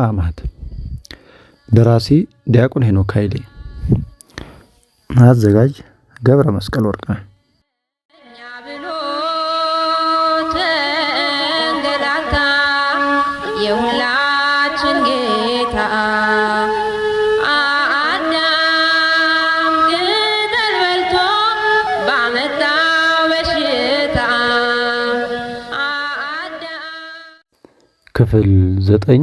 መሰማማት ደራሲ ዲያቆን ሄኖክ ኃይሌ አዘጋጅ ገብረ መስቀል ወርቅ ብሎ ተንገላታ ክፍል ዘጠኝ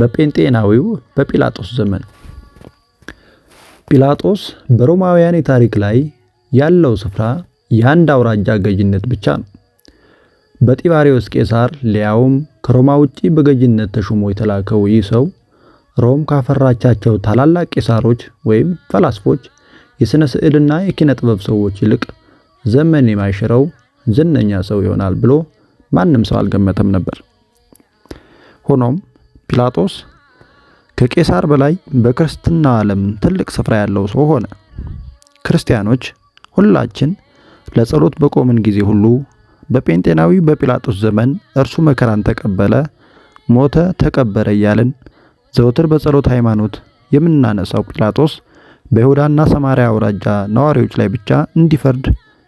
በጴንጤናዊው በጲላጦስ ዘመን ጲላጦስ በሮማውያን የታሪክ ላይ ያለው ስፍራ የአንድ አውራጃ ገዥነት ብቻ ነው። በጢባሪዎስ ቄሳር ሊያውም ከሮማ ውጪ በገዥነት ተሹሞ የተላከው ይህ ሰው ሮም ካፈራቻቸው ታላላቅ ቄሳሮች ወይም ፈላስፎች፣ የሥነ ስዕልና የኪነ ጥበብ ሰዎች ይልቅ ዘመን የማይሽረው ዝነኛ ሰው ይሆናል ብሎ ማንም ሰው አልገመተም ነበር። ሆኖም ጲላጦስ ከቄሳር በላይ በክርስትና ዓለም ትልቅ ስፍራ ያለው ሰው ሆነ። ክርስቲያኖች ሁላችን ለጸሎት በቆምን ጊዜ ሁሉ በጴንጤናዊ በጲላጦስ ዘመን እርሱ መከራን ተቀበለ፣ ሞተ፣ ተቀበረ እያልን ዘውትር በጸሎት ሃይማኖት የምናነሳው ጲላጦስ በይሁዳና ሰማርያ አውራጃ ነዋሪዎች ላይ ብቻ እንዲፈርድ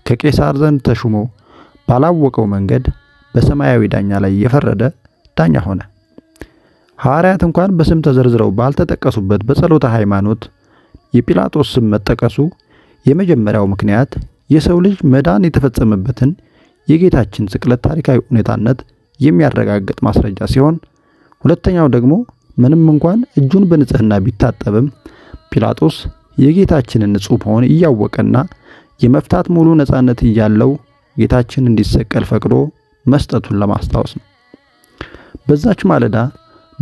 ከቄሳር ዘንድ ተሹሞ ባላወቀው መንገድ በሰማያዊ ዳኛ ላይ የፈረደ ዳኛ ሆነ። ሐዋርያት እንኳን በስም ተዘርዝረው ባልተጠቀሱበት በጸሎተ ሃይማኖት የጲላጦስ ስም መጠቀሱ የመጀመሪያው ምክንያት የሰው ልጅ መዳን የተፈጸመበትን የጌታችን ስቅለት ታሪካዊ ሁኔታነት የሚያረጋግጥ ማስረጃ ሲሆን፣ ሁለተኛው ደግሞ ምንም እንኳን እጁን በንጽህና ቢታጠብም ጲላጦስ የጌታችንን ንጹህ መሆን እያወቀና የመፍታት ሙሉ ነፃነት እያለው ጌታችን እንዲሰቀል ፈቅዶ መስጠቱን ለማስታወስ ነው። በዛች ማለዳ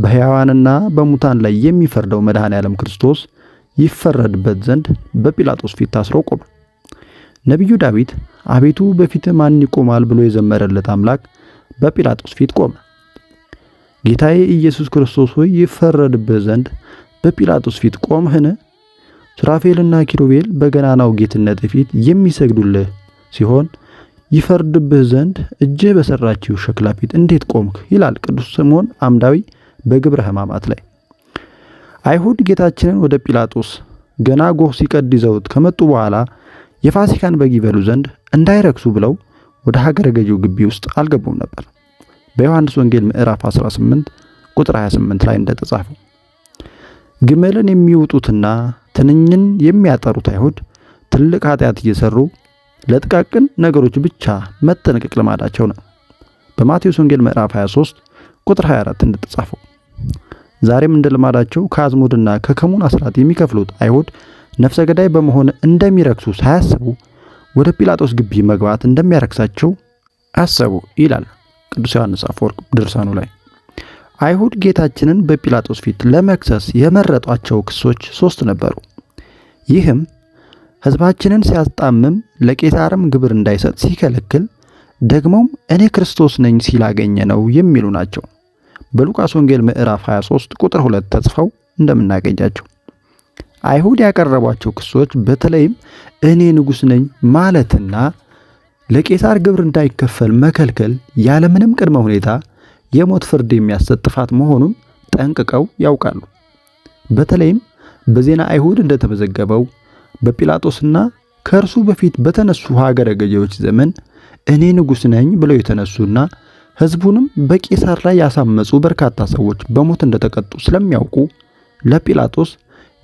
በሕያዋንና በሙታን ላይ የሚፈርደው መድኃኔ ዓለም ክርስቶስ ይፈረድበት ዘንድ በጲላጦስ ፊት ታስሮ ቆመ። ነቢዩ ዳዊት አቤቱ በፊት ማን ይቆማል ብሎ የዘመረለት አምላክ በጲላጦስ ፊት ቆመ። ጌታዬ ኢየሱስ ክርስቶስ ሆይ ይፈረድበት ዘንድ በጲላጦስ ፊት ቆምህን? ሱራፌልና ኪሩቤል በገናናው ጌትነት ፊት የሚሰግዱልህ ሲሆን ይፈርድብህ ዘንድ እጅህ በሰራችው ሸክላ ፊት እንዴት ቆምክ? ይላል ቅዱስ ስምዖን አምዳዊ በግብረ ሕማማት ላይ አይሁድ ጌታችንን ወደ ጲላጦስ ገና ጎህ ሲቀድ ይዘውት ከመጡ በኋላ የፋሲካን በግ ይበሉ ዘንድ እንዳይረክሱ ብለው ወደ ሀገረ ገዢው ግቢ ውስጥ አልገቡም ነበር። በዮሐንስ ወንጌል ምዕራፍ 18 ቁጥር 28 ላይ እንደተጻፈ ግመልን የሚውጡትና ትንኝን የሚያጠሩት አይሁድ ትልቅ ኃጢአት እየሰሩ ለጥቃቅን ነገሮች ብቻ መጠንቀቅ ልማዳቸው ነው። በማቴዎስ ወንጌል ምዕራፍ 23 ቁጥር 24 እንደተጻፈው ዛሬም እንደ ልማዳቸው ከአዝሙድና ከከሙን አስራት የሚከፍሉት አይሁድ ነፍሰ ገዳይ በመሆን እንደሚረክሱ ሳያስቡ ወደ ጲላጦስ ግቢ መግባት እንደሚያረክሳቸው አሰቡ ይላል ቅዱስ ዮሐንስ አፈወርቅ ድርሳኑ ላይ። አይሁድ ጌታችንን በጲላጦስ ፊት ለመክሰስ የመረጧቸው ክሶች ሶስት ነበሩ። ይህም ሕዝባችንን ሲያስጣምም፣ ለቄሳርም ግብር እንዳይሰጥ ሲከለክል፣ ደግሞም እኔ ክርስቶስ ነኝ ሲላገኘ ነው የሚሉ ናቸው። በሉቃስ ወንጌል ምዕራፍ 23 ቁጥር 2 ተጽፈው እንደምናገኛቸው አይሁድ ያቀረቧቸው ክሶች በተለይም እኔ ንጉሥ ነኝ ማለትና ለቄሳር ግብር እንዳይከፈል መከልከል ያለምንም ቅድመ ሁኔታ የሞት ፍርድ የሚያሰጥ ጥፋት መሆኑን ጠንቅቀው ያውቃሉ። በተለይም በዜና አይሁድ እንደተመዘገበው በጲላጦስና ከእርሱ በፊት በተነሱ ሀገረ ገዢዎች ዘመን እኔ ንጉሥ ነኝ ብለው የተነሱና ሕዝቡንም በቄሳር ላይ ያሳመጹ በርካታ ሰዎች በሞት እንደተቀጡ ስለሚያውቁ ለጲላጦስ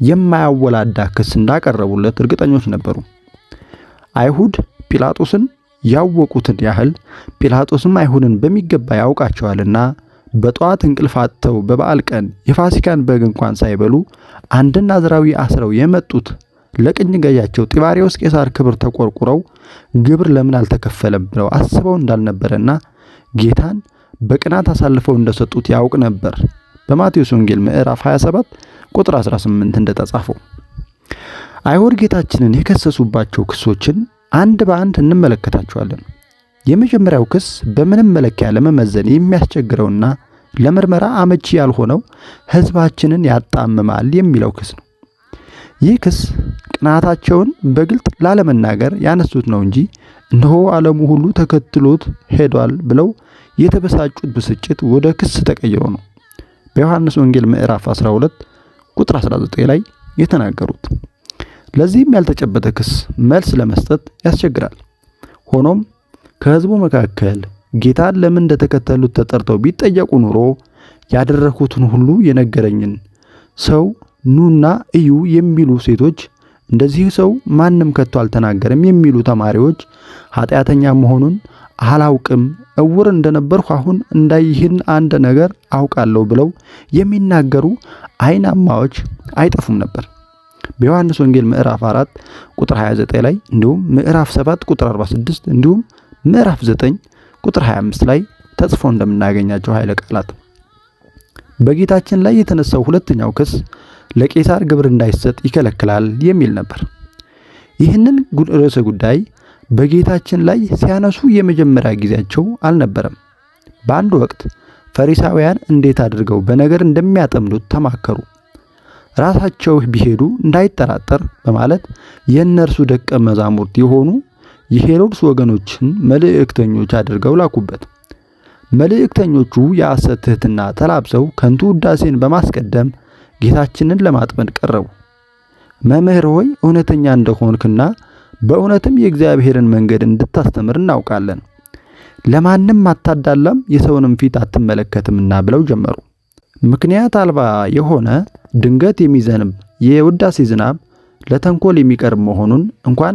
የማያወላዳ ክስ እንዳቀረቡለት እርግጠኞች ነበሩ። አይሁድ ጲላጦስን ያወቁትን ያህል ጲላጦስም አይሁድን በሚገባ ያውቃቸዋልና በጠዋት እንቅልፍ አጥተው በበዓል ቀን የፋሲካን በግ እንኳን ሳይበሉ አንድን ናዝራዊ አስረው የመጡት ለቅኝ ገዣቸው ጢባሪዎስ ቄሳር ክብር ተቆርቁረው ግብር ለምን አልተከፈለም ብለው አስበው እንዳልነበረና ጌታን በቅናት አሳልፈው እንደሰጡት ያውቅ ነበር። በማቴዎስ ወንጌል ምዕራፍ 27 ቁጥር 18 እንደተጻፈው አይሁድ ጌታችንን የከሰሱባቸው ክሶችን አንድ በአንድ እንመለከታቸዋለን። የመጀመሪያው ክስ በምንም መለኪያ ለመመዘን የሚያስቸግረውና ለምርመራ አመቺ ያልሆነው ሕዝባችንን ያጣምማል የሚለው ክስ ነው። ይህ ክስ ቅናታቸውን በግልጥ ላለመናገር ያነሱት ነው እንጂ እነሆ ዓለሙ ሁሉ ተከትሎት ሄዷል ብለው የተበሳጩት ብስጭት ወደ ክስ ተቀይሮ ነው በዮሐንስ ወንጌል ምዕራፍ 12 ቁጥር 19 ላይ የተናገሩት። ለዚህም ያልተጨበጠ ክስ መልስ ለመስጠት ያስቸግራል። ሆኖም ከሕዝቡ መካከል ጌታን ለምን እንደተከተሉት ተጠርተው ቢጠየቁ ኑሮ ያደረኩትን ሁሉ የነገረኝን ሰው ኑና እዩ የሚሉ ሴቶች እንደዚህ ሰው ማንም ከቶ አልተናገረም የሚሉ ተማሪዎች ኃጢአተኛ መሆኑን አላውቅም እውር እንደነበርኩ አሁን እንዳይህን አንድ ነገር አውቃለሁ ብለው የሚናገሩ አይናማዎች አይጠፉም ነበር። በዮሐንስ ወንጌል ምዕራፍ 4 ቁጥር 29 ላይ እንዲሁም ምዕራፍ 7 ቁጥር 46 እንዲሁም ምዕራፍ 9 ቁጥር 25 ላይ ተጽፎ እንደምናገኛቸው ኃይለ ቃላት በጌታችን ላይ የተነሳው ሁለተኛው ክስ ለቄሳር ግብር እንዳይሰጥ ይከለክላል የሚል ነበር። ይህንን ርዕሰ ጉዳይ በጌታችን ላይ ሲያነሱ የመጀመሪያ ጊዜያቸው አልነበረም። በአንድ ወቅት ፈሪሳውያን እንዴት አድርገው በነገር እንደሚያጠምዱት ተማከሩ። ራሳቸው ቢሄዱ እንዳይጠራጠር በማለት የእነርሱ ደቀ መዛሙርት የሆኑ የሄሮድስ ወገኖችን መልእክተኞች አድርገው ላኩበት። መልእክተኞቹ የሐሰት ትህትና ተላብሰው ከንቱ ውዳሴን በማስቀደም ጌታችንን ለማጥመድ ቀረቡ። መምህር ሆይ እውነተኛ እንደሆንክና በእውነትም የእግዚአብሔርን መንገድ እንድታስተምር እናውቃለን፣ ለማንም አታዳላም፣ የሰውንም ፊት አትመለከትምና ብለው ጀመሩ። ምክንያት አልባ የሆነ ድንገት የሚዘንብ የውዳሴ ዝናብ ለተንኮል የሚቀርብ መሆኑን እንኳን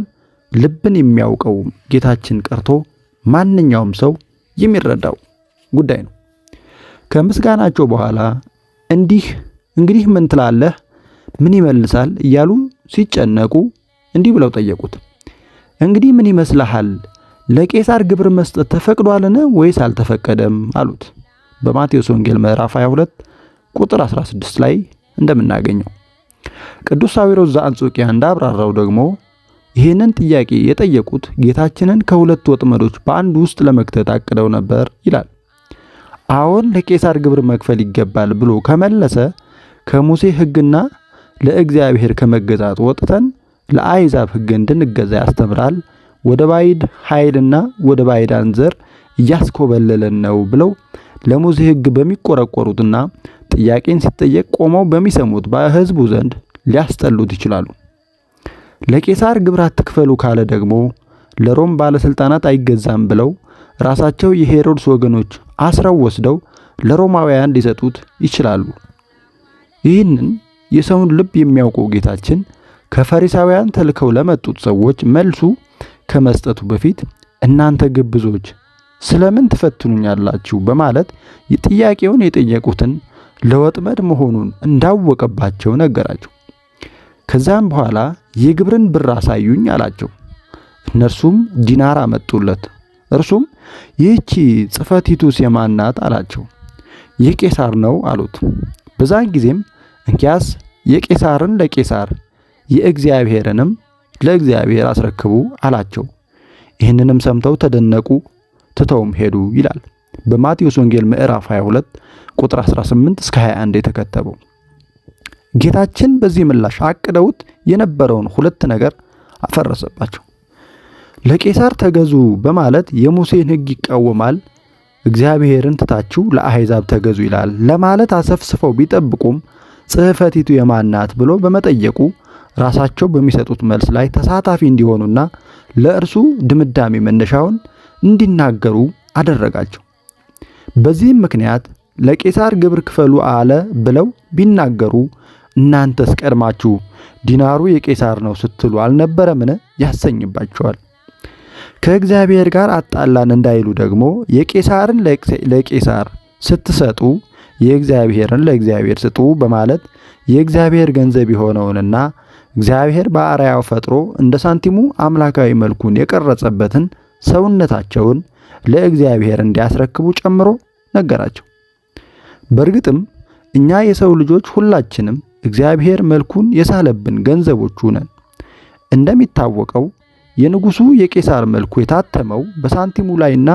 ልብን የሚያውቀው ጌታችን ቀርቶ ማንኛውም ሰው የሚረዳው ጉዳይ ነው። ከምስጋናቸው በኋላ እንዲህ እንግዲህ ምን ትላለህ? ምን ይመልሳል? እያሉ ሲጨነቁ እንዲህ ብለው ጠየቁት። እንግዲህ ምን ይመስልሃል? ለቄሳር ግብር መስጠት ተፈቅዷልን ወይስ አልተፈቀደም? አሉት። በማቴዎስ ወንጌል ምዕራፍ 22 ቁጥር 16 ላይ እንደምናገኘው ቅዱስ ሳዊሮስ ዘአንጾኪያ እንዳብራራው ደግሞ ይህንን ጥያቄ የጠየቁት ጌታችንን ከሁለት ወጥመዶች በአንድ ውስጥ ለመክተት አቅደው ነበር ይላል። አዎን ለቄሳር ግብር መክፈል ይገባል ብሎ ከመለሰ ከሙሴ ሕግና ለእግዚአብሔር ከመገዛት ወጥተን ለአሕዛብ ሕግ እንድንገዛ ያስተምራል። ወደ ባዕድ ኃይልና ወደ ባዕዳን ዘር እያስኮበለለን ነው ብለው ለሙሴ ሕግ በሚቆረቆሩትና ጥያቄን ሲጠየቅ ቆመው በሚሰሙት በሕዝቡ ዘንድ ሊያስጠሉት ይችላሉ። ለቄሳር ግብራት ትክፈሉ ካለ ደግሞ ለሮም ባለስልጣናት አይገዛም ብለው ራሳቸው የሄሮድስ ወገኖች አስረው ወስደው ለሮማውያን ሊሰጡት ይችላሉ። ይህንን የሰውን ልብ የሚያውቁ ጌታችን ከፈሪሳውያን ተልከው ለመጡት ሰዎች መልሱ ከመስጠቱ በፊት እናንተ ግብዞች ስለምን ትፈትኑኛላችሁ? በማለት ጥያቄውን የጠየቁትን ለወጥመድ መሆኑን እንዳወቀባቸው ነገራቸው። ከዛም በኋላ የግብርን ብር አሳዩኝ አላቸው። እነርሱም ዲናር አመጡለት። እርሱም ይህቺ ጽሕፈቲቱስ የማን ናት አላቸው። የቄሳር ነው አሉት። በዛን ጊዜም እንኪያስ የቄሳርን ለቄሳር የእግዚአብሔርንም ለእግዚአብሔር አስረክቡ አላቸው። ይህንንም ሰምተው ተደነቁ፣ ትተውም ሄዱ ይላል በማቴዎስ ወንጌል ምዕራፍ 22 ቁጥር 18 እስከ 21 የተከተበው። ጌታችን በዚህ ምላሽ አቅደውት የነበረውን ሁለት ነገር አፈረሰባቸው። ለቄሳር ተገዙ በማለት የሙሴን ሕግ ይቃወማል፣ እግዚአብሔርን ትታችሁ ለአሕዛብ ተገዙ ይላል ለማለት አሰፍስፈው ቢጠብቁም ጽሕፈቲቱ የማን ናት ብሎ በመጠየቁ ራሳቸው በሚሰጡት መልስ ላይ ተሳታፊ እንዲሆኑና ለእርሱ ድምዳሜ መነሻውን እንዲናገሩ አደረጋቸው። በዚህም ምክንያት ለቄሳር ግብር ክፈሉ አለ ብለው ቢናገሩ እናንተስ ቀድማችሁ ዲናሩ የቄሳር ነው ስትሉ አልነበረምን ያሰኝባቸዋል። ከእግዚአብሔር ጋር አጣላን እንዳይሉ ደግሞ የቄሳርን ለቄሳር ስትሰጡ የእግዚአብሔርን ለእግዚአብሔር ስጡ በማለት የእግዚአብሔር ገንዘብ የሆነውንና እግዚአብሔር በአርአያው ፈጥሮ እንደ ሳንቲሙ አምላካዊ መልኩን የቀረጸበትን ሰውነታቸውን ለእግዚአብሔር እንዲያስረክቡ ጨምሮ ነገራቸው። በእርግጥም እኛ የሰው ልጆች ሁላችንም እግዚአብሔር መልኩን የሳለብን ገንዘቦቹ ነን። እንደሚታወቀው የንጉሱ የቄሳር መልኩ የታተመው በሳንቲሙ ላይና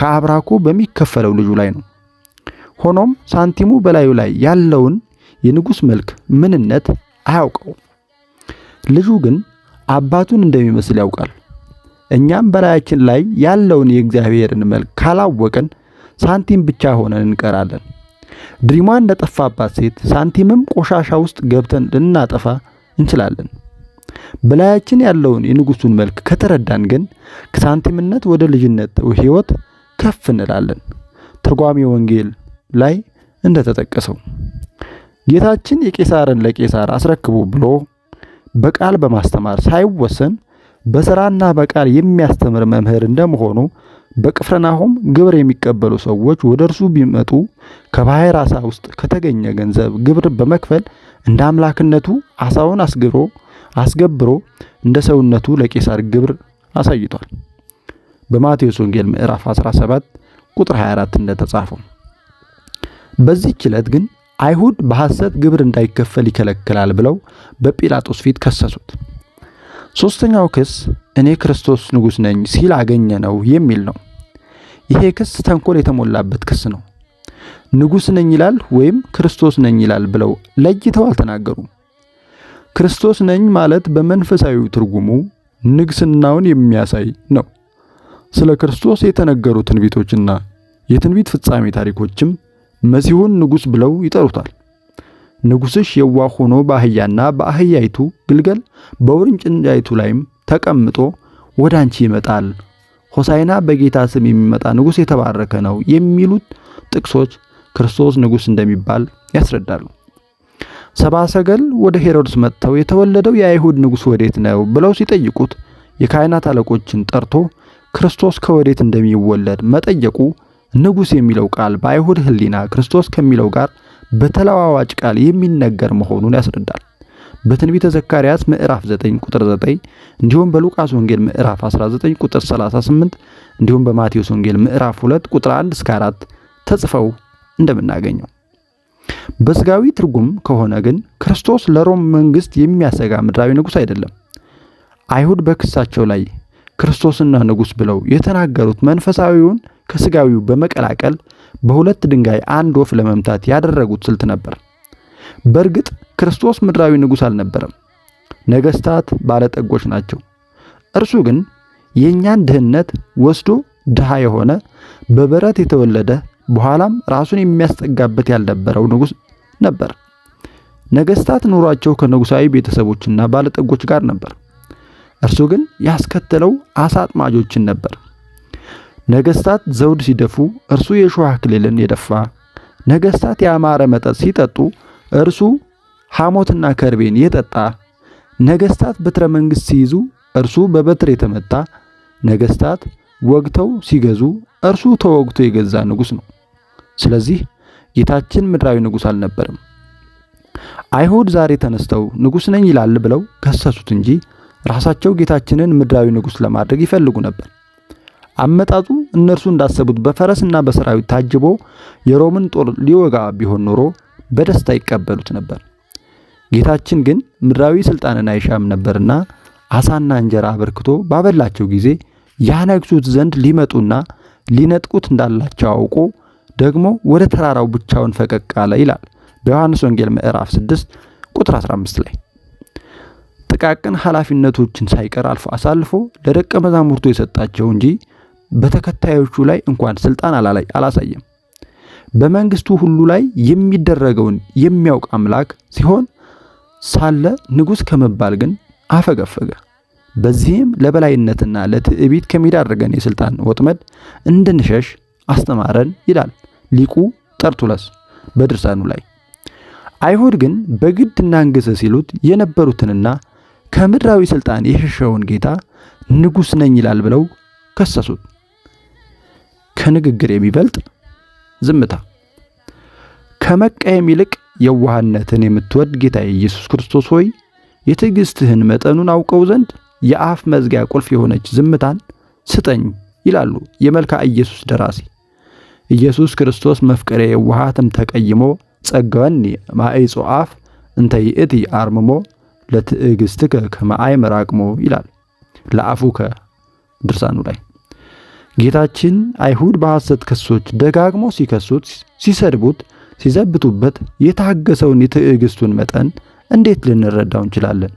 ከአብራኩ በሚከፈለው ልጁ ላይ ነው። ሆኖም ሳንቲሙ በላዩ ላይ ያለውን የንጉስ መልክ ምንነት አያውቀውም። ልጁ ግን አባቱን እንደሚመስል ያውቃል። እኛም በላያችን ላይ ያለውን የእግዚአብሔርን መልክ ካላወቅን ሳንቲም ብቻ ሆነን እንቀራለን። ድሪሟ እንደጠፋባት ሴት ሳንቲምም ቆሻሻ ውስጥ ገብተን ልናጠፋ እንችላለን። በላያችን ያለውን የንጉሱን መልክ ከተረዳን ግን ከሳንቲምነት ወደ ልጅነት ሕይወት ከፍ እንላለን። ተርጓሜ ወንጌል ላይ እንደተጠቀሰው ጌታችን የቄሳርን ለቄሳር አስረክቡ ብሎ በቃል በማስተማር ሳይወሰን በስራና በቃል የሚያስተምር መምህር እንደመሆኑ በቅፍርናሆም ግብር የሚቀበሉ ሰዎች ወደ እርሱ ቢመጡ ከባሕር ዓሣ ውስጥ ከተገኘ ገንዘብ ግብር በመክፈል እንደ አምላክነቱ ዓሣውን አስግሮ አስገብሮ እንደ ሰውነቱ ለቄሳር ግብር አሳይቷል። በማቴዎስ ወንጌል ምዕራፍ 17 ቁጥር 24 እንደተጻፈው። በዚህች ዕለት ግን አይሁድ በሐሰት ግብር እንዳይከፈል ይከለክላል ብለው በጲላጦስ ፊት ከሰሱት። ሦስተኛው ክስ እኔ ክርስቶስ ንጉሥ ነኝ ሲል አገኘ ነው የሚል ነው። ይሄ ክስ ተንኮል የተሞላበት ክስ ነው። ንጉሥ ነኝ ይላል ወይም ክርስቶስ ነኝ ይላል ብለው ለይተው አልተናገሩም። ክርስቶስ ነኝ ማለት በመንፈሳዊ ትርጉሙ ንግስናውን የሚያሳይ ነው። ስለ ክርስቶስ የተነገሩ ትንቢቶችና የትንቢት ፍጻሜ ታሪኮችም መሲሁን ንጉሥ ብለው ይጠሩታል። ንጉሥሽ የዋህ ሆኖ በአህያና በአህያይቱ ግልገል በውርንጭንጫይቱ ላይም ተቀምጦ ወደ አንቺ ይመጣል፣ ሆሳይና በጌታ ስም የሚመጣ ንጉሥ የተባረከ ነው የሚሉት ጥቅሶች ክርስቶስ ንጉሥ እንደሚባል ያስረዳሉ። ሰባ ሰገል ወደ ሄሮድስ መጥተው የተወለደው የአይሁድ ንጉሥ ወዴት ነው ብለው ሲጠይቁት የካህናት አለቆችን ጠርቶ ክርስቶስ ከወዴት እንደሚወለድ መጠየቁ ንጉስ የሚለው ቃል በአይሁድ ህሊና ክርስቶስ ከሚለው ጋር በተለዋዋጭ ቃል የሚነገር መሆኑን ያስረዳል። በትንቢተ ዘካርያስ ምዕራፍ 9 ቁጥር 9 እንዲሁም በሉቃስ ወንጌል ምዕራፍ 19 ቁጥር 38 እንዲሁም በማቴዎስ ወንጌል ምዕራፍ 2 ቁጥር 1 እስከ 4 ተጽፈው እንደምናገኘው በስጋዊ ትርጉም ከሆነ ግን ክርስቶስ ለሮም መንግስት የሚያሰጋ ምድራዊ ንጉስ አይደለም። አይሁድ በክሳቸው ላይ ክርስቶስና ንጉስ ብለው የተናገሩት መንፈሳዊውን ከስጋዊው በመቀላቀል በሁለት ድንጋይ አንድ ወፍ ለመምታት ያደረጉት ስልት ነበር። በእርግጥ ክርስቶስ ምድራዊ ንጉሥ አልነበረም። ነገስታት ባለጠጎች ናቸው። እርሱ ግን የእኛን ድህነት ወስዶ ድሃ የሆነ በበረት የተወለደ በኋላም ራሱን የሚያስጠጋበት ያልነበረው ንጉሥ ነበር። ነገስታት ኑሯቸው ከንጉሳዊ ቤተሰቦችና ባለጠጎች ጋር ነበር። እርሱ ግን ያስከተለው አሳ አጥማጆችን ነበር። ነገስታት ዘውድ ሲደፉ እርሱ የእሾህ አክሊልን የደፋ፣ ነገስታት ያማረ መጠጥ ሲጠጡ እርሱ ሐሞትና ከርቤን የጠጣ፣ ነገስታት በትረ መንግሥት ሲይዙ እርሱ በበትር የተመታ፣ ነገስታት ወግተው ሲገዙ እርሱ ተወግቶ የገዛ ንጉሥ ነው። ስለዚህ ጌታችን ምድራዊ ንጉሥ አልነበርም። አይሁድ ዛሬ ተነስተው ንጉሥ ነኝ ይላል ብለው ከሰሱት እንጂ ራሳቸው ጌታችንን ምድራዊ ንጉሥ ለማድረግ ይፈልጉ ነበር። አመጣጡ እነርሱ እንዳሰቡት በፈረስና በሰራዊት ታጅቦ የሮምን ጦር ሊወጋ ቢሆን ኖሮ በደስታ ይቀበሉት ነበር። ጌታችን ግን ምድራዊ ስልጣንን አይሻም ነበርና አሳና እንጀራ አበርክቶ ባበላቸው ጊዜ ያነግሱት ዘንድ ሊመጡና ሊነጥቁት እንዳላቸው አውቆ ደግሞ ወደ ተራራው ብቻውን ፈቀቅ አለ ይላል በዮሐንስ ወንጌል ምዕራፍ 6 ቁጥር 15 ላይ። ጥቃቅን ኃላፊነቶችን ሳይቀር አልፎ አሳልፎ ለደቀ መዛሙርቱ የሰጣቸው እንጂ በተከታዮቹ ላይ እንኳን ስልጣን አላላይ አላሳየም። በመንግስቱ ሁሉ ላይ የሚደረገውን የሚያውቅ አምላክ ሲሆን ሳለ ንጉስ ከመባል ግን አፈገፈገ። በዚህም ለበላይነትና ለትዕቢት ከሚዳርገን የስልጣን ወጥመድ እንድንሸሽ አስተማረን ይላል ሊቁ ጠርቱለስ በድርሳኑ ላይ። አይሁድ ግን በግድ እናንግሥ ሲሉት የነበሩትንና ከምድራዊ ስልጣን የሸሸውን ጌታ ንጉስ ነኝ ይላል ብለው ከሰሱት። ከንግግር የሚበልጥ ዝምታ፣ ከመቀየም ይልቅ የዋህነትን የምትወድ ጌታ ኢየሱስ ክርስቶስ ሆይ የትዕግሥትህን መጠኑን አውቀው ዘንድ የአፍ መዝጊያ ቁልፍ የሆነች ዝምታን ስጠኝ ይላሉ የመልካ ኢየሱስ ደራሲ። ኢየሱስ ክርስቶስ መፍቀሬ የዋሃትም ተቀይሞ ጸጋኒ ማዕጾ አፍ እንተ ይእቲ አርምሞ ለትዕግሥትከ ከመአይ መራቅሞ ይላል ለአፉከ ድርሳኑ ላይ ጌታችን አይሁድ በሐሰት ክሶች ደጋግሞ ሲከሱት፣ ሲሰድቡት፣ ሲዘብቱበት የታገሰውን የትዕግስቱን መጠን እንዴት ልንረዳው እንችላለን?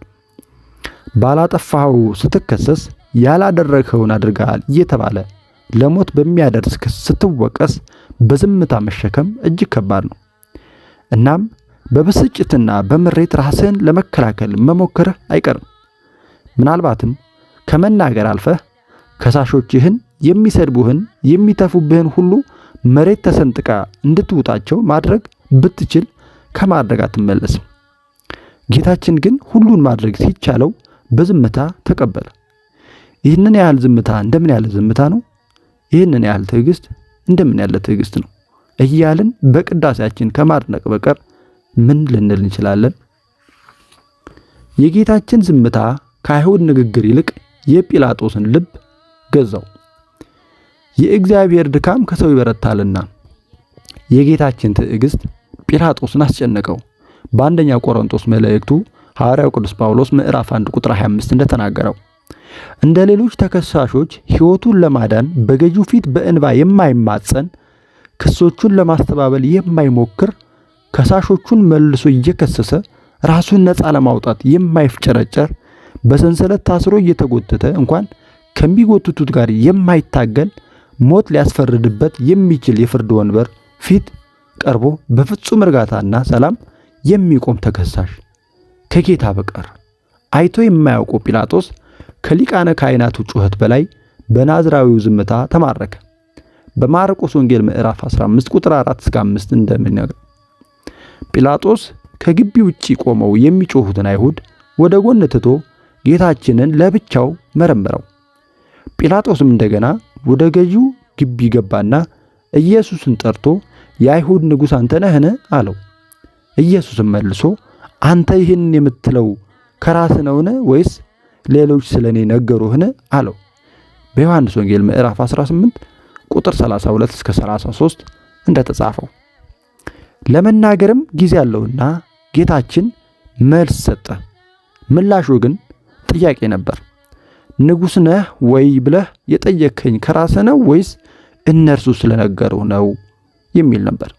ባላጠፋኸው ስትከሰስ ያላደረግኸውን አድርገሃል እየተባለ ለሞት በሚያደርስ ክስ ስትወቀስ በዝምታ መሸከም እጅግ ከባድ ነው። እናም በብስጭትና በምሬት ራስህን ለመከላከል መሞከርህ አይቀርም። ምናልባትም ከመናገር አልፈህ ከሳሾችህን የሚሰድቡህን የሚተፉብህን ሁሉ መሬት ተሰንጥቃ እንድትውጣቸው ማድረግ ብትችል ከማድረግ አትመለስም። ጌታችን ግን ሁሉን ማድረግ ሲቻለው በዝምታ ተቀበለ። ይህንን ያህል ዝምታ እንደምን ያለ ዝምታ ነው! ይህንን ያህል ትዕግስት እንደምን ያለ ትዕግስት ነው! እያልን በቅዳሴያችን ከማድነቅ በቀር ምን ልንል እንችላለን? የጌታችን ዝምታ ከአይሁድ ንግግር ይልቅ የጲላጦስን ልብ ገዛው። የእግዚአብሔር ድካም ከሰው ይበረታልና። የጌታችን ትዕግስት ጲላጦስን አስጨነቀው። በአንደኛ ቆሮንቶስ መልእክቱ ሐዋርያው ቅዱስ ጳውሎስ ምዕራፍ 1 ቁጥር 25 እንደተናገረው እንደ ሌሎች ተከሳሾች ሕይወቱን ለማዳን በገዢው ፊት በእንባ የማይማጸን ክሶቹን ለማስተባበል የማይሞክር ከሳሾቹን መልሶ እየከሰሰ ራሱን ነፃ ለማውጣት የማይፍጨረጨር በሰንሰለት ታስሮ እየተጎተተ እንኳን ከሚጎትቱት ጋር የማይታገል ሞት ሊያስፈርድበት የሚችል የፍርድ ወንበር ፊት ቀርቦ በፍጹም እርጋታና ሰላም የሚቆም ተከሳሽ ከጌታ በቀር አይቶ የማያውቀው ጲላጦስ ከሊቃነ ካህናቱ ጩኸት በላይ በናዝራዊው ዝምታ ተማረከ። በማርቆስ ወንጌል ምዕራፍ 15 ቁጥር 4 እስከ 5 እንደሚነገር ጲላጦስ ከግቢ ውጪ ቆመው የሚጮሁትን አይሁድ ወደ ጎን ትቶ ጌታችንን ለብቻው መረመረው። ጲላጦስም እንደገና ወደ ገዢው ግቢ ገባና ኢየሱስን ጠርቶ የአይሁድ ንጉሥ አንተ ነህን? አለው። ኢየሱስም መልሶ አንተ ይህን የምትለው ከራስ ነውን? ወይስ ሌሎች ስለ እኔ ነገሩህን? አለው። በዮሐንስ ወንጌል ምዕራፍ 18 ቁጥር 32 እስከ 33 እንደተጻፈው ለመናገርም ጊዜ አለውና ጌታችን መልስ ሰጠ። ምላሹ ግን ጥያቄ ነበር። ንጉሥ ነህ ወይ ብለህ የጠየከኝ ከራስህ ነው ወይስ እነርሱ ስለነገሩ ነው የሚል ነበር።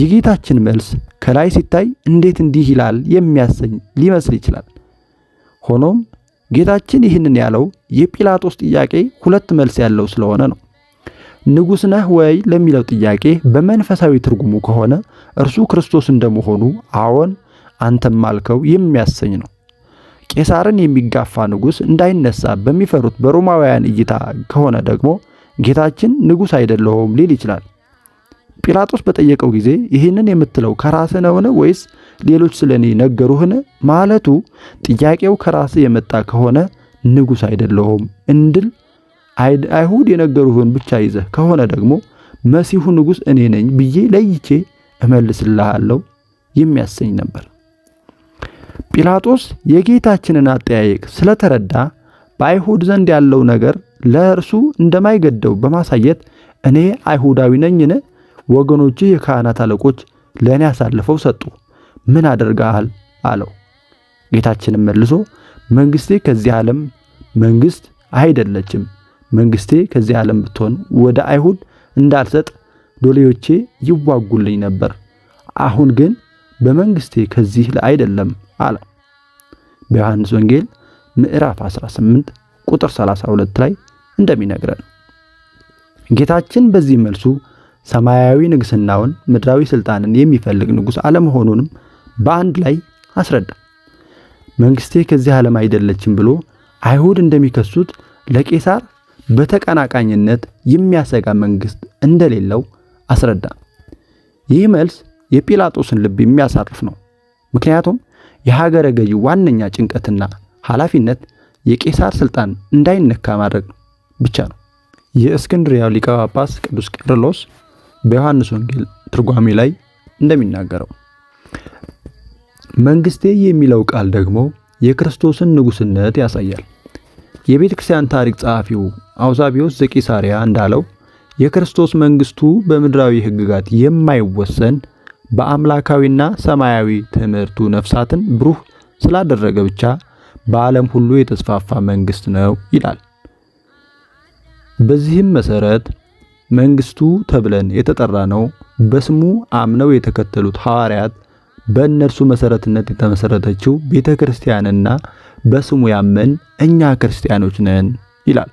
የጌታችን መልስ ከላይ ሲታይ እንዴት እንዲህ ይላል የሚያሰኝ ሊመስል ይችላል። ሆኖም ጌታችን ይህንን ያለው የጲላጦስ ጥያቄ ሁለት መልስ ያለው ስለሆነ ነው። ንጉሥ ነህ ወይ ለሚለው ጥያቄ በመንፈሳዊ ትርጉሙ ከሆነ እርሱ ክርስቶስ እንደመሆኑ አዎን አንተም አልከው የሚያሰኝ ነው። ቄሳርን የሚጋፋ ንጉስ እንዳይነሳ በሚፈሩት በሮማውያን እይታ ከሆነ ደግሞ ጌታችን ንጉስ አይደለሁም ሊል ይችላል። ጲላጦስ በጠየቀው ጊዜ ይህንን የምትለው ከራስ ነውን ወይስ ሌሎች ስለ እኔ ነገሩህን ማለቱ ጥያቄው ከራስ የመጣ ከሆነ ንጉስ አይደለሁም እንድል፣ አይሁድ የነገሩህን ብቻ ይዘህ ከሆነ ደግሞ መሲሁ ንጉስ እኔ ነኝ ብዬ ለይቼ እመልስልሃለሁ የሚያሰኝ ነበር። ጲላጦስ የጌታችንን አጠያየቅ ስለተረዳ በአይሁድ ዘንድ ያለው ነገር ለእርሱ እንደማይገደው በማሳየት እኔ አይሁዳዊ ነኝን? ወገኖች የካህናት አለቆች ለእኔ አሳልፈው ሰጡ፣ ምን አደርግሃል? አለው። ጌታችንም መልሶ መንግሥቴ ከዚህ ዓለም መንግሥት አይደለችም። መንግሥቴ ከዚህ ዓለም ብትሆን ወደ አይሁድ እንዳልሰጥ ዶሌዎቼ ይዋጉልኝ ነበር። አሁን ግን በመንግሥቴ ከዚህ አይደለም አለ። በዮሐንስ ወንጌል ምዕራፍ 18 ቁጥር 32 ላይ እንደሚነግረን ጌታችን በዚህ መልሱ ሰማያዊ ንግስናውን ምድራዊ ስልጣንን የሚፈልግ ንጉስ አለመሆኑንም በአንድ ላይ አስረዳ። መንግስቴ ከዚህ ዓለም አይደለችም ብሎ አይሁድ እንደሚከሱት ለቄሳር በተቀናቃኝነት የሚያሰጋ መንግስት እንደሌለው አስረዳ። ይህ መልስ የጲላጦስን ልብ የሚያሳርፍ ነው። ምክንያቱም የሀገረ ገዢ ዋነኛ ጭንቀትና ኃላፊነት የቄሳር ስልጣን እንዳይነካ ማድረግ ብቻ ነው። የእስክንድሪያው ሊቀ ጳጳስ ቅዱስ ቄርሎስ በዮሐንስ ወንጌል ትርጓሜ ላይ እንደሚናገረው መንግስቴ የሚለው ቃል ደግሞ የክርስቶስን ንጉስነት ያሳያል። የቤተ ክርስቲያን ታሪክ ጸሐፊው አውዛቢዎስ ዘቂሳሪያ እንዳለው የክርስቶስ መንግስቱ በምድራዊ ሕግጋት የማይወሰን በአምላካዊና ሰማያዊ ትምህርቱ ነፍሳትን ብሩህ ስላደረገ ብቻ በዓለም ሁሉ የተስፋፋ መንግስት ነው ይላል። በዚህም መሰረት መንግስቱ ተብለን የተጠራ ነው በስሙ አምነው የተከተሉት ሐዋርያት በእነርሱ መሰረትነት የተመሰረተችው ቤተ ክርስቲያንና በስሙ ያመን እኛ ክርስቲያኖች ነን ይላል።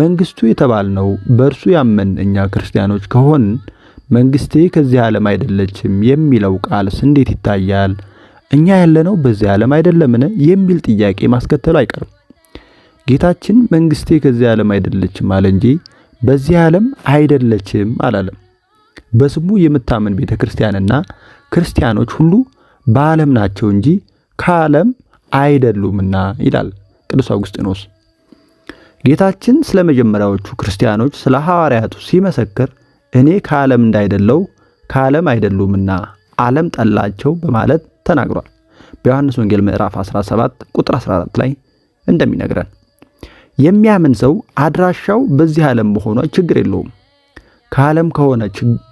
መንግስቱ የተባልነው በእርሱ ያመን እኛ ክርስቲያኖች ከሆን መንግስቴ ከዚህ ዓለም አይደለችም የሚለው ቃልስ እንዴት ይታያል? እኛ ያለነው በዚህ ዓለም አይደለምን የሚል ጥያቄ ማስከተሉ አይቀርም። ጌታችን መንግስቴ ከዚህ ዓለም አይደለችም አለ እንጂ በዚህ ዓለም አይደለችም አላለም። በስሙ የምታምን ቤተ ክርስቲያንና ክርስቲያኖች ሁሉ በዓለም ናቸው እንጂ ከዓለም አይደሉምና ይላል ቅዱስ አውግስጢኖስ። ጌታችን ስለ መጀመሪያዎቹ ክርስቲያኖች ስለ ሐዋርያቱ ሲመሰክር እኔ ከዓለም እንዳይደለው ከዓለም አይደሉምና ዓለም ጠላቸው በማለት ተናግሯል። በዮሐንስ ወንጌል ምዕራፍ 17 ቁጥር 14 ላይ እንደሚነግረን የሚያምን ሰው አድራሻው በዚህ ዓለም መሆኗ ችግር የለውም። ከዓለም ከሆነ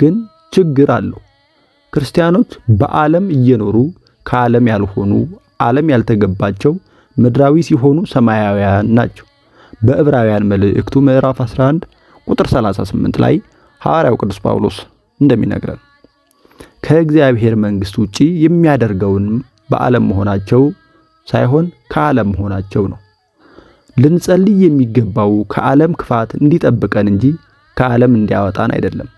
ግን ችግር አለው። ክርስቲያኖች በዓለም እየኖሩ ከዓለም ያልሆኑ ዓለም ያልተገባቸው ምድራዊ ሲሆኑ ሰማያውያን ናቸው። በዕብራውያን መልእክቱ ምዕራፍ 11 ቁጥር 38 ላይ ሐዋርያው ቅዱስ ጳውሎስ እንደሚነግረን ከእግዚአብሔር መንግሥት ውጪ የሚያደርገውንም በዓለም መሆናቸው ሳይሆን ከዓለም መሆናቸው ነው። ልንጸልይ የሚገባው ከዓለም ክፋት እንዲጠብቀን እንጂ ከዓለም እንዲያወጣን አይደለም።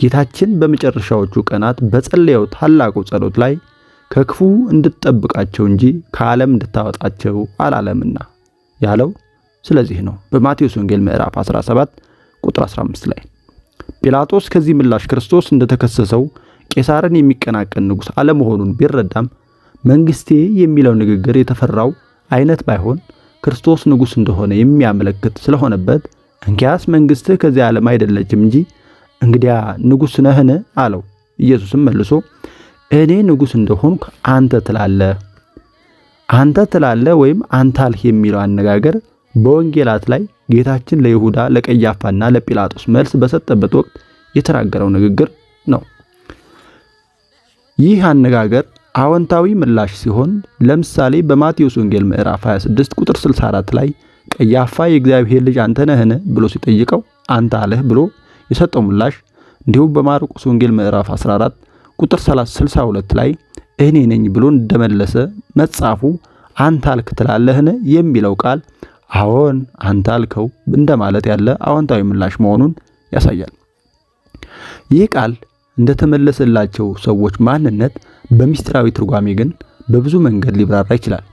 ጌታችን በመጨረሻዎቹ ቀናት በጸለየው ታላቁ ጸሎት ላይ ከክፉ እንድትጠብቃቸው እንጂ ከዓለም እንድታወጣቸው አላለምና ያለው ስለዚህ ነው። በማቴዎስ ወንጌል ምዕራፍ 17 ቁጥር 15 ላይ ጲላጦስ ከዚህ ምላሽ ክርስቶስ እንደተከሰሰው ቄሳርን የሚቀናቀን ንጉሥ አለመሆኑን ቢረዳም መንግሥቴ የሚለው ንግግር የተፈራው አይነት ባይሆን ክርስቶስ ንጉሥ እንደሆነ የሚያመለክት ስለሆነበት እንኪያስ መንግሥትህ ከዚህ ዓለም አይደለችም እንጂ እንግዲያ ንጉሥ ነህን? አለው። ኢየሱስም መልሶ እኔ ንጉሥ እንደሆንኩ አንተ ትላለህ። አንተ ትላለህ ወይም አንተ አልህ የሚለው አነጋገር በወንጌላት ላይ ጌታችን ለይሁዳ ለቀያፋና ለጲላጦስ መልስ በሰጠበት ወቅት የተናገረው ንግግር ነው። ይህ አነጋገር አዎንታዊ ምላሽ ሲሆን ለምሳሌ በማቴዎስ ወንጌል ምዕራፍ 26 ቁጥር 64 ላይ ቀያፋ የእግዚአብሔር ልጅ አንተ ነህን ብሎ ሲጠይቀው አንተ አለህ ብሎ የሰጠው ምላሽ እንዲሁም በማርቆስ ወንጌል ምዕራፍ 14 ቁጥር 62 ላይ እኔ ነኝ ብሎ እንደመለሰ መጻፉ አንተ አልክ ትላለህን የሚለው ቃል አዎን አንተ አልከው እንደማለት ያለ አዎንታዊ ምላሽ መሆኑን ያሳያል። ይህ ቃል እንደተመለሰላቸው ሰዎች ማንነት በምስጢራዊ ትርጓሜ ግን በብዙ መንገድ ሊብራራ ይችላል።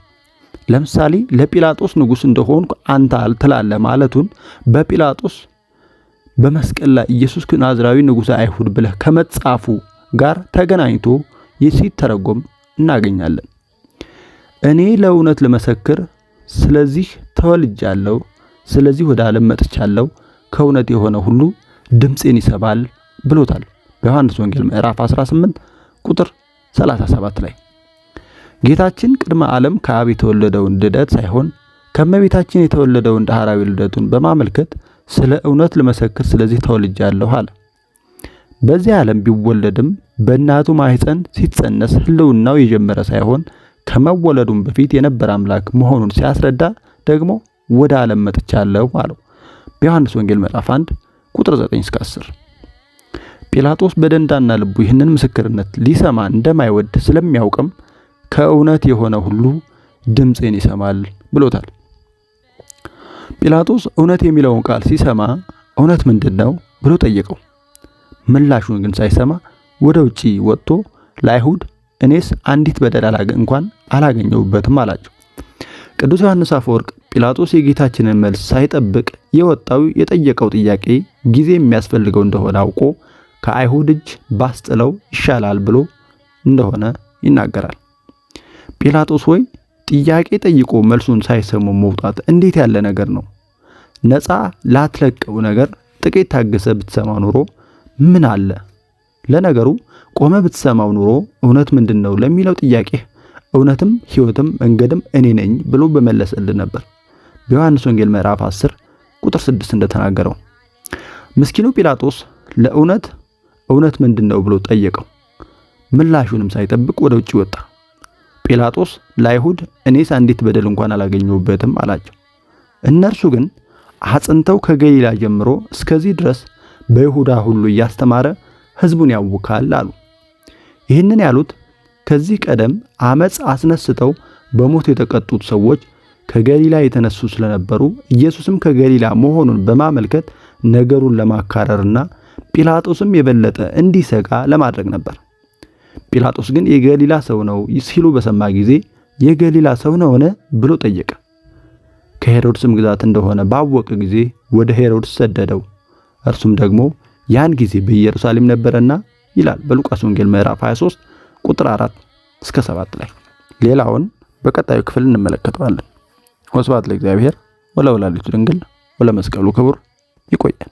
ለምሳሌ ለጲላጦስ ንጉሥ እንደሆንኩ አንተ ትላለህ ማለቱን በጲላጦስ በመስቀል ላይ ኢየሱስ ናዝራዊ ንጉሠ አይሁድ ብለህ ከመጻፉ ጋር ተገናኝቶ ሲተረጎም እናገኛለን። እኔ ለእውነት ልመሰክር ስለዚህ ተወልጃለሁ፣ ስለዚህ ወደ ዓለም መጥቻለሁ፣ ከእውነት የሆነ ሁሉ ድምፄን ይሰማል ብሎታል በዮሐንስ ወንጌል ምዕራፍ 18 ቁጥር 37 ላይ ጌታችን ቅድመ ዓለም ከአብ የተወለደውን ልደት ሳይሆን ከእመቤታችን የተወለደውን ዳህራዊ ልደቱን በማመልከት ስለ እውነት ልመሰክር ስለዚህ ተወልጃለሁ አለ። በዚህ ዓለም ቢወለድም በእናቱ ማህፀን ሲጸነስ ህልውናው የጀመረ ሳይሆን ከመወለዱም በፊት የነበረ አምላክ መሆኑን ሲያስረዳ ደግሞ ወደ ዓለም መጥቻለሁ አለው። በዮሐንስ ወንጌል ምዕራፍ 1 ቁጥር 9 እስከ 10። ጲላጦስ በደንዳና ልቡ ይህንን ምስክርነት ሊሰማ እንደማይወድ ስለሚያውቅም ከእውነት የሆነ ሁሉ ድምፄን ይሰማል ብሎታል። ጲላጦስ እውነት የሚለውን ቃል ሲሰማ እውነት ምንድን ነው ብሎ ጠየቀው። ምላሹን ግን ሳይሰማ ወደ ውጪ ወጥቶ ለአይሁድ እኔስ አንዲት በደል እንኳን አላገኘሁበትም አላቸው። ቅዱስ ዮሐንስ አፈወርቅ ጲላጦስ የጌታችንን መልስ ሳይጠብቅ የወጣው የጠየቀው ጥያቄ ጊዜ የሚያስፈልገው እንደሆነ አውቆ ከአይሁድ እጅ ባስጥለው ይሻላል ብሎ እንደሆነ ይናገራል። ጲላጦስ ወይ ጥያቄ ጠይቆ መልሱን ሳይሰሙ መውጣት እንዴት ያለ ነገር ነው? ነፃ ላትለቀው ነገር ጥቂት ታገሰ ብትሰማ ኑሮ ምን አለ? ለነገሩ ቆመ ብትሰማው ኑሮ እውነት ምንድን ነው ለሚለው ጥያቄ እውነትም ሕይወትም መንገድም እኔ ነኝ ብሎ በመለሰል ነበር። በዮሐንስ ወንጌል ምዕራፍ 10 ቁጥር 6 እንደተናገረው ምስኪኑ ጲላጦስ ለእውነት እውነት ምንድን ነው ብሎ ጠየቀው። ምላሹንም ሳይጠብቅ ወደ ውጭ ወጣ። ጲላጦስ ለአይሁድ እኔስ አንዲት በደል እንኳን አላገኘሁበትም አላቸው። እነርሱ ግን አጽንተው ከገሊላ ጀምሮ እስከዚህ ድረስ በይሁዳ ሁሉ እያስተማረ ህዝቡን ያውካል አሉ። ይህንን ያሉት ከዚህ ቀደም አመፅ አስነስተው በሞት የተቀጡት ሰዎች ከገሊላ የተነሱ ስለነበሩ ኢየሱስም ከገሊላ መሆኑን በማመልከት ነገሩን ለማካረርና ጲላጦስም የበለጠ እንዲሰጋ ለማድረግ ነበር። ጲላጦስ ግን የገሊላ ሰው ነው ሲሉ በሰማ ጊዜ የገሊላ ሰው ነውን ብሎ ጠየቀ። ከሄሮድስም ግዛት እንደሆነ ባወቀ ጊዜ ወደ ሄሮድስ ሰደደው። እርሱም ደግሞ ያን ጊዜ በኢየሩሳሌም ነበረና ይላል በሉቃስ ወንጌል ምዕራፍ 23 ቁጥር 4 እስከ 7 ላይ። ሌላውን በቀጣዩ ክፍል እንመለከተዋለን። ወስብሐት ለእግዚአብሔር ወለወላዲቱ ድንግል ወለመስቀሉ ክቡር። ይቆያል።